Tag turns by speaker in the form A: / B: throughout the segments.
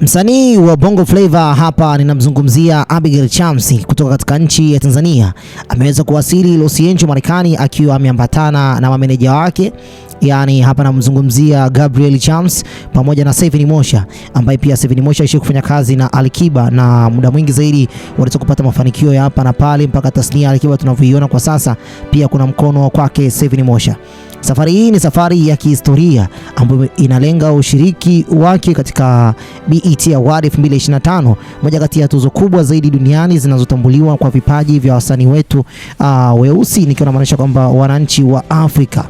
A: Msanii wa Bongo Flava hapa ninamzungumzia Abigail Chams kutoka katika nchi ya Tanzania. Ameweza kuwasili Los Angeles Marekani akiwa ameambatana na mameneja wake, yaani hapa namzungumzia Gabriel Chams pamoja na Seven Mosha, ambaye pia Seven Mosha alishia kufanya kazi na Alikiba na muda mwingi zaidi waliweza kupata mafanikio ya hapa na pale mpaka tasnia Alikiba tunavyoiona kwa sasa, pia kuna mkono kwake Seven Mosha. Safari hii ni safari ya kihistoria ambayo inalenga ushiriki wake katika BET Award 2025, moja kati ya tuzo kubwa zaidi duniani zinazotambuliwa kwa vipaji vya wasanii wetu uh, weusi, nikiwa namaanisha kwamba wananchi wa Afrika.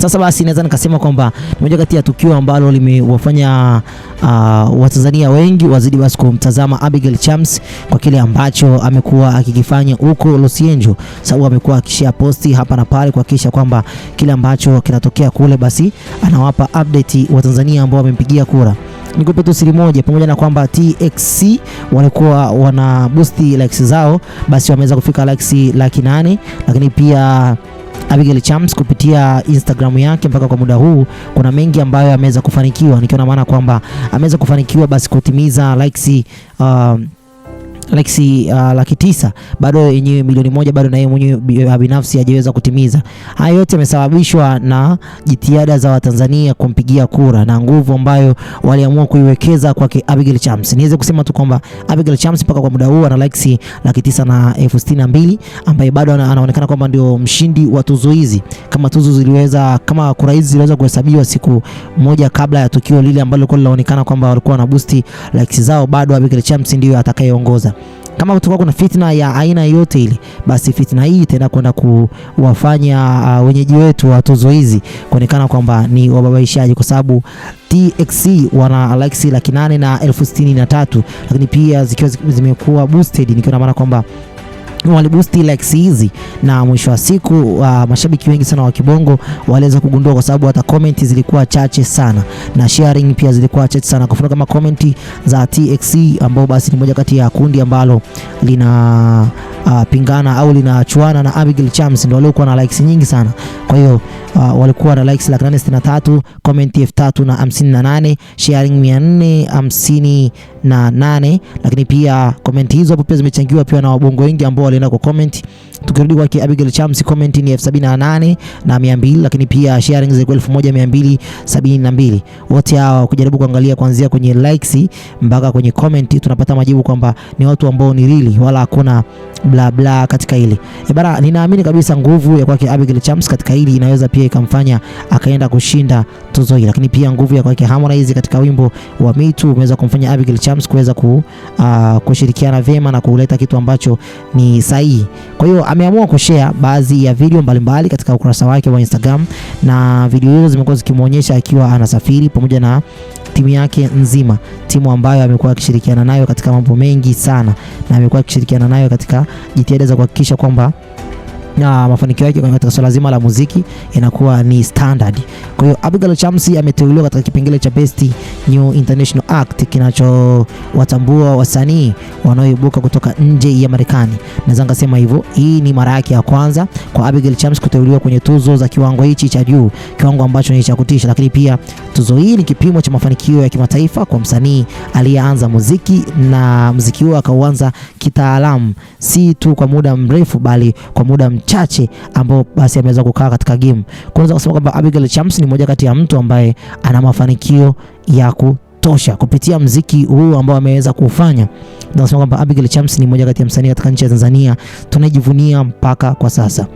A: Sasa basi naweza nikasema kwamba moja kati ya tukio ambalo limewafanya uh, Watanzania wengi wazidi basi kumtazama Abigail Chams kwa kile ambacho amekuwa akikifanya huko Los Angeles, sababu amekuwa akishare posti hapa na pale kuhakikisha kwamba kile ambacho kinatokea kule, basi anawapa update Watanzania ambao wamempigia kura. Nikupe tu siri moja, pamoja na kwamba TXC walikuwa wana boost likes zao, basi wameweza kufika likes laki nane, lakini pia Abigail Chams kupitia Instagram yake mpaka kwa muda huu, kuna mengi ambayo ameweza kufanikiwa, nikiwa na maana kwamba ameweza kufanikiwa basi kutimiza likes uh, likes uh, laki tisa bado yenyewe milioni moja bado na yeye mwenyewe uh, binafsi hajaweza kutimiza. Haya yote yamesababishwa na jitihada za Watanzania kumpigia kura na nguvu ambayo waliamua kuiwekeza kwake Abigail Chams. Niweze kusema tu kwamba Abigail Chams mpaka kwa muda huu ana likes laki tisa na elfu sitini na mbili ambaye bado anaonekana kwamba ndio mshindi wa tuzo hizi, kama tuzo ziliweza, kama kura hizi ziliweza kuhesabiwa siku moja kabla ya tukio lile ambalo lilikuwa linaonekana kwamba walikuwa na boost likes zao, bado Abigail Chams ndiyo atakayeongoza. Kama kutakuwa kuna fitna ya aina yoyote ile, basi fitna hii itaenda kwenda kuwafanya uh, wenyeji wetu wa tuzo hizi kuonekana kwamba ni wababaishaji, kwa sababu TXC wana likes laki nane na elfu sitini na tatu, lakini pia zikiwa zimekuwa boosted, nikiwa na maana kwamba walibusti likes hizi na mwisho wa siku uh, mashabiki wengi sana wa kibongo waliweza kugundua kwa sababu hata comment zilikuwa chache sana na sharing pia zilikuwa chache sana. Kwa mfano kama comment za TXC e, ambao basi ni moja kati ya kundi ambalo lina uh, pingana au linachuana na Abigail Chams ndio waliokuwa na likes nyingi sana, kwa hiyo uh, walikuwa na likes laki nane sitini na tatu comment elfu tatu na hamsini na nane sharing mia nne hamsini na nane Lakini pia comment hizo hapo pia zimechangiwa pia na wabongo wengi ambao walienda kwa comment. Tukirudi kwake Abigail Chams, comment ni elfu sabini na nane na mia mbili lakini pia sharing zilikuwa elfu moja mia mbili sabini na mbili Wote hawa kujaribu kuangalia kuanzia kwenye likes mpaka kwenye comment tunapata majibu kwamba ni watu ambao ni really, wala hakuna bla bla katika hili e bana, ninaamini kabisa nguvu ya kwake Abigail Chams katika hili inaweza pia ikamfanya akaenda kushinda tuzo hii lakini pia nguvu ya kwake Harmonize katika wimbo wa Me Too umeweza kumfanya Abigail Chams kuweza ku, uh, kushirikiana vyema na kuleta kitu ambacho ni sahihi. Kwa hiyo ameamua kushare baadhi ya video mbalimbali mbali katika ukurasa wake wa Instagram na video hizo zimekuwa zikimwonyesha akiwa anasafiri pamoja na timu yake nzima, timu ambayo amekuwa akishirikiana nayo katika mambo mengi sana, na amekuwa akishirikiana nayo katika jitihada za kuhakikisha kwamba na ah, mafanikio yake katika swala zima la muziki inakuwa ni standard. Kwa hiyo Abigail Chamsi ameteuliwa katika kipengele cha Best New International Act kinachowatambua wasanii wanaoibuka kutoka nje ya Marekani. Naweza ngasema hivyo, hii ni mara yake ya kwanza kwa Abigail Chamsi kuteuliwa kwenye tuzo za kiwango hichi cha juu, kiwango ambacho ni cha kutisha, lakini pia Tuzo hii ni kipimo cha mafanikio ya kimataifa kwa msanii aliyeanza muziki na muziki huo akauanza kitaalamu, si tu kwa muda mrefu, bali kwa muda mchache ambao basi ameweza kukaa katika game. Kwanza kusema kwamba Abigail Chams ni moja kati ya mtu ambaye ana mafanikio ya kutosha kupitia mziki huu ambao ameweza kuufanya. Nasema kwamba Abigail Chams ni moja kati ya msanii katika nchi ya Tanzania tunajivunia mpaka kwa sasa.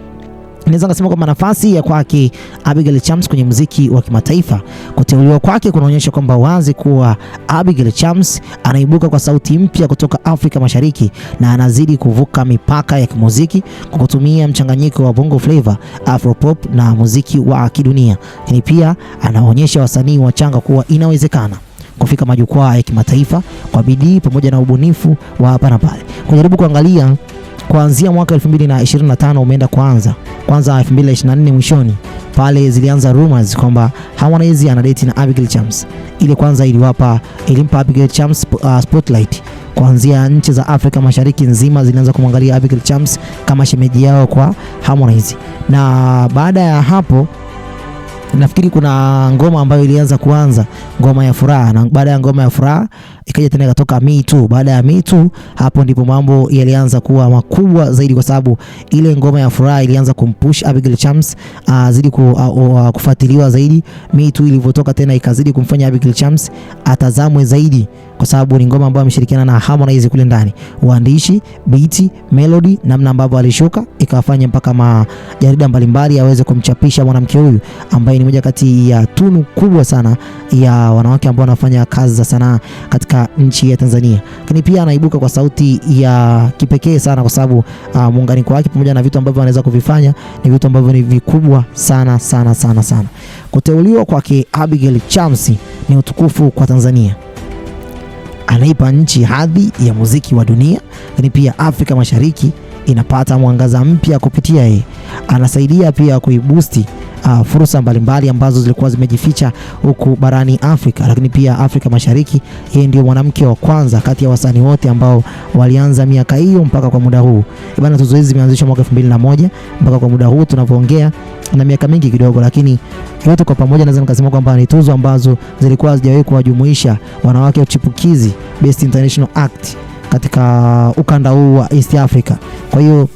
A: Naweza kusema kwamba nafasi ya kwake Abigail Chams kwenye muziki wa kimataifa, kuteuliwa kwake kunaonyesha kwamba wazi kuwa Abigail Chams anaibuka kwa sauti mpya kutoka Afrika Mashariki na anazidi kuvuka mipaka ya kimuziki kwa kutumia mchanganyiko wa bongo flava, afropop na muziki wa kidunia. Lakini pia anaonyesha wasanii wachanga kuwa inawezekana kufika majukwaa ya kimataifa kwa bidii pamoja na ubunifu wa hapa na pale. Kujaribu kuangalia kuanzia mwaka 2025 umeenda kwanza kwanza 2024 mwishoni pale zilianza rumors kwamba Harmonize date na Abigail Chams. Ile kwanza iliwapa ilimpa Abigail Chams uh, spotlight kuanzia nchi za Afrika Mashariki nzima zilianza kumwangalia Abigail Chams kama shemeji yao kwa Harmonize, na baada ya hapo nafikiri kuna ngoma ambayo ilianza kuanza ngoma ya furaha, na baada ya ngoma ya furaha ikaja tena ikatoka Me Too. Baada ya Me Too, hapo ndipo mambo yalianza kuwa makubwa zaidi, kwa sababu ile ngoma ya furaha ilianza kumpush Abigail Chams azidi ah, ah, ah, kufuatiliwa zaidi. Me Too ilivyotoka tena ikazidi kumfanya Abigail Chams atazamwe zaidi kwa sababu ni ngoma ambayo ameshirikiana na Harmonize kule ndani, uandishi, beat, melody, namna ambavyo alishuka ikawafanya mpaka majarida mbalimbali yaweze kumchapisha mwanamke huyu ambaye ni moja kati ya tunu kubwa sana ya wanawake ambao wanafanya kazi za sanaa katika nchi ya Tanzania. Lakini pia anaibuka kwa sauti ya kipekee sana kwa sababu uh, muunganiko wake pamoja na vitu ambavyo anaweza kuvifanya ni vitu ambavyo ni vikubwa sana sana sana sana. Kuteuliwa kwake Abigail Chamsi ni utukufu kwa Tanzania anaipa nchi hadhi ya muziki wa dunia, lakini pia Afrika Mashariki inapata mwangaza mpya kupitia yeye. Anasaidia pia kuibusti uh, fursa mbalimbali ambazo zilikuwa zimejificha huku barani Afrika, lakini pia Afrika Mashariki. Yeye ndio mwanamke wa kwanza kati ya wasanii wote ambao walianza miaka hiyo mpaka kwa muda huu. Eh, bana, tuzo hizi zimeanzishwa mwaka 2001 mpaka kwa muda huu tunavyoongea na miaka mingi kidogo, lakini yote kwa pamoja naweza nikasema kwamba ni tuzo ambazo zilikuwa hazijawahi kuwajumuisha wanawake chipukizi Best International Act katika ukanda huu wa East Africa. Kwa hiyo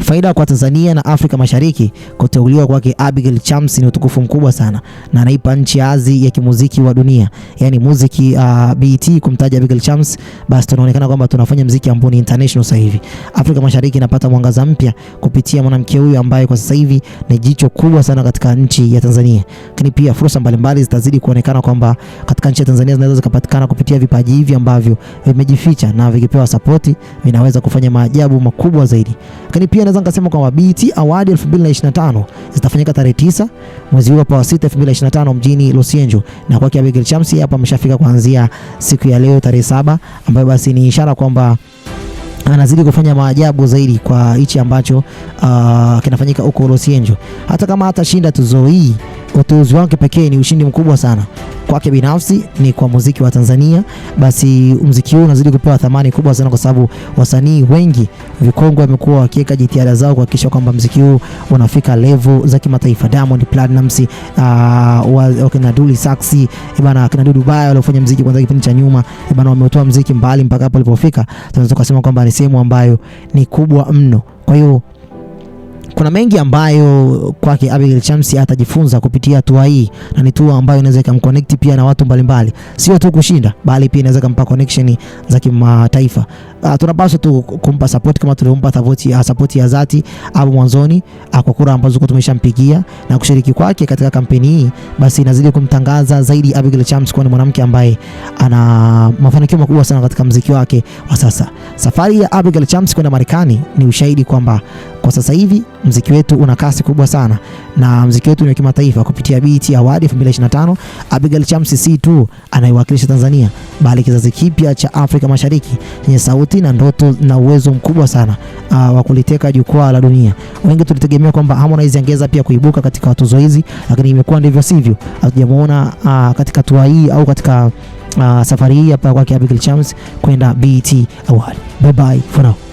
A: Faida kwa Tanzania na Afrika Mashariki, kuteuliwa kwake Abigail Chams ni utukufu mkubwa sana na anaipa nchi azi ya kimuziki wa dunia, yani muziki uh, BET kumtaja Abigail Chams, basi tunaonekana kwamba tunafanya muziki ambao ni international sasa hivi. Afrika Mashariki inapata mwangaza mpya kupitia mwanamke huyu ambaye kwa sasa hivi ni jicho kubwa sana katika nchi ya Tanzania. Lakini pia fursa mbalimbali zitazidi kuonekana kwamba katika nchi ya Tanzania zinaweza zikapatikana kupitia vipaji hivi ambavyo vimejificha, na vikipewa support vinaweza kufanya maajabu makubwa zaidi. Lakini pia pia naweza nikasema kwamba BET Award 2025 zitafanyika tarehe 9 mwezi huu hapa wa 6 2025 mjini Los Angeles, na kwake Abigail Chams hapa ameshafika kuanzia siku ya leo tarehe saba, ambayo basi ni ishara kwamba anazidi kufanya maajabu zaidi kwa hichi ambacho uh, kinafanyika huko Los Angeles. Hata kama hatashinda tuzo hii uteuzi wake pekee ni ushindi mkubwa sana kwake binafsi, ni kwa muziki wa Tanzania. Basi muziki huu unazidi kupewa thamani kubwa sana, kwa sababu wasanii wengi vikongwe wamekuwa wakiweka jitihada zao kuhakikisha kwamba muziki huu unafika level za kimataifa. Diamond Platnumz, uh, ah, wakina Dully Sax eh, bana, kina Dudu Baya waliofanya muziki kwanza kipindi cha nyuma eh, bana, wameutoa muziki mbali mpaka hapo ulipofika. Tunaweza kusema kwamba ni sehemu ambayo ni kubwa mno, kwa hiyo kuna mengi ambayo kwake Abigail Chamsi atajifunza kupitia hatua hii, na ni tour ambayo inaweza ikamconnect pia na watu mbalimbali, sio tu kushinda, bali pia inaweza kumpa connection za kimataifa. Uh, tunapaswa tu kumpa support kama tuliompa support ya dhati hapo mwanzoni uh, kwa kura ambazo tumeshampigia na kushiriki kwake katika kampeni hii, basi inazidi kumtangaza zaidi Abigail Chamsi kuwa ni mwanamke ambaye ana mafanikio makubwa sana katika muziki wake wa sasa. Safari ya Abigail Chamsi kwenda Marekani ni ushahidi kwamba kwa sasa hivi mziki wetu una kasi kubwa sana na mziki wetu ni wa kimataifa kupitia BET Award 2025. Abigail Chamsi si tu anaiwakilisha Tanzania bali kizazi kipya cha Afrika Mashariki chenye sauti na ndoto na uwezo mkubwa sana uh, wa kuliteka jukwaa la dunia. Wengi tulitegemea kwamba Harmonize angeza pia kuibuka katika tuzo hizi, lakini imekuwa ndivyo sivyo. Hatujamuona uh, katika tua hii au katika uh, safari hii hapa kwake Abigail Chamsi kwenda BT Award. Bye bye for now.